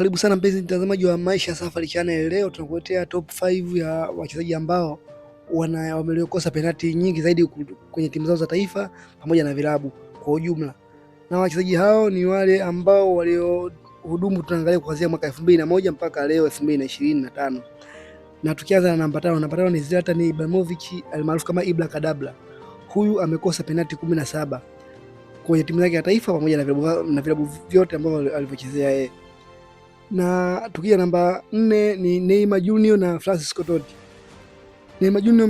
Karibu sana mpenzi mtazamaji wa Maisha Safari Channel. Leo tunakuletea top 5 ya wachezaji ambao wameliokosa penalti nyingi zaidi kwenye timu zao za taifa pamoja na vilabu kwa ujumla, na wachezaji hao ni wale ambao waliohudumu, tunaangalia kuanzia mwaka 2001 mpaka leo 2025. Na tukianza na namba tano, namba tano ni Zlatan Ibrahimovic almaarufu kama Ibra Kadabla. Huyu amekosa penalti 17 kwenye timu yake ya taifa pamoja na vilabu vyote ambavyo alivyochezea yeye na tukija namba nne ni Neymar Junior na Francisco Totti. Neymar Junior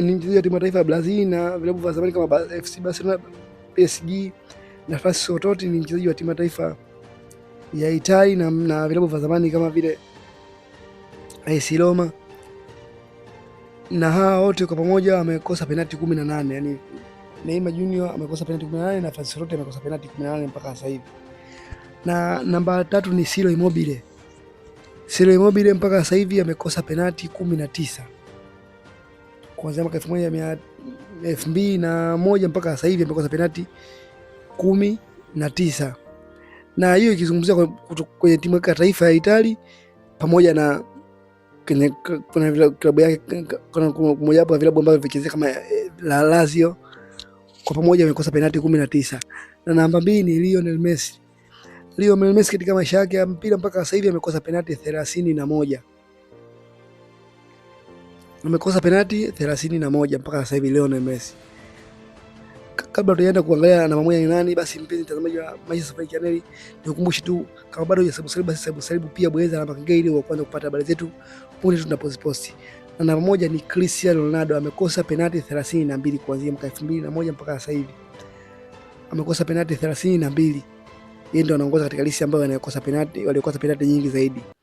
ni mchezaji wa timu ya taifa ya Brazil na vilabu vya zamani kama FC Barcelona, PSG na Francisco Totti ni mchezaji wa timu ya taifa ya Itali na, na vilabu vya zamani kama vile AS Roma na hawa wote kwa pamoja wamekosa penalti 18. Yani Neymar Junior amekosa penalti 18 na Francisco Totti amekosa penalti 18 mpaka sasa hivi na namba tatu ni Ciro Immobile. Ciro Immobile mpaka sasa hivi amekosa penati kumi na tisa kuanzia mwaka elfu moja elfu mbili na moja mpaka sasa hivi amekosa penati kumi na tisa na hiyo ikizungumzia kwenye timu ya taifa ya Itali pamoja na kwenye klabu yake moja wapo ya vilabu ambavyo vikichezea kama eh, la Lazio, kwa pamoja amekosa penati kumi na tisa na namba mbili ni Lionel Messi Lionel Messi katika maisha yake ya mpira mpaka sasa hivi amekosa penati 31. amekosa penati 31 mpaka sasa hivi Lionel Messi. Kabla tujaenda kuangalia namba moja ni nani, basi mpenzi mtazamaji wa Maisha Safari Channel, nikukumbushe tu kama bado hujasubscribe, basi subscribe pia, bonyeza alama kengele ili uanze kupata habari zetu punde tunapoziposti. Na namba moja ni Cristiano Ronaldo amekosa penati 32 kuanzia mwaka 2001 mpaka sasa hivi amekosa penati 32 yeye ndio anaongoza katika lisi ambayo anakosa penalti, waliokosa penalti nyingi zaidi.